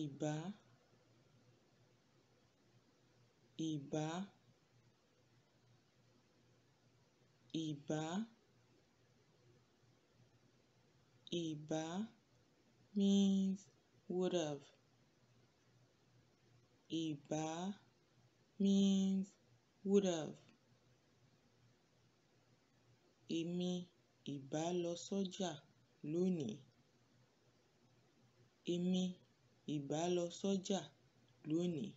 ìbá ìbá ìbá ìbá means would have ìbá means would have èmi ìbá lọ sọ́jà lónìí èmi ìbá lọ sọ́jà lónìí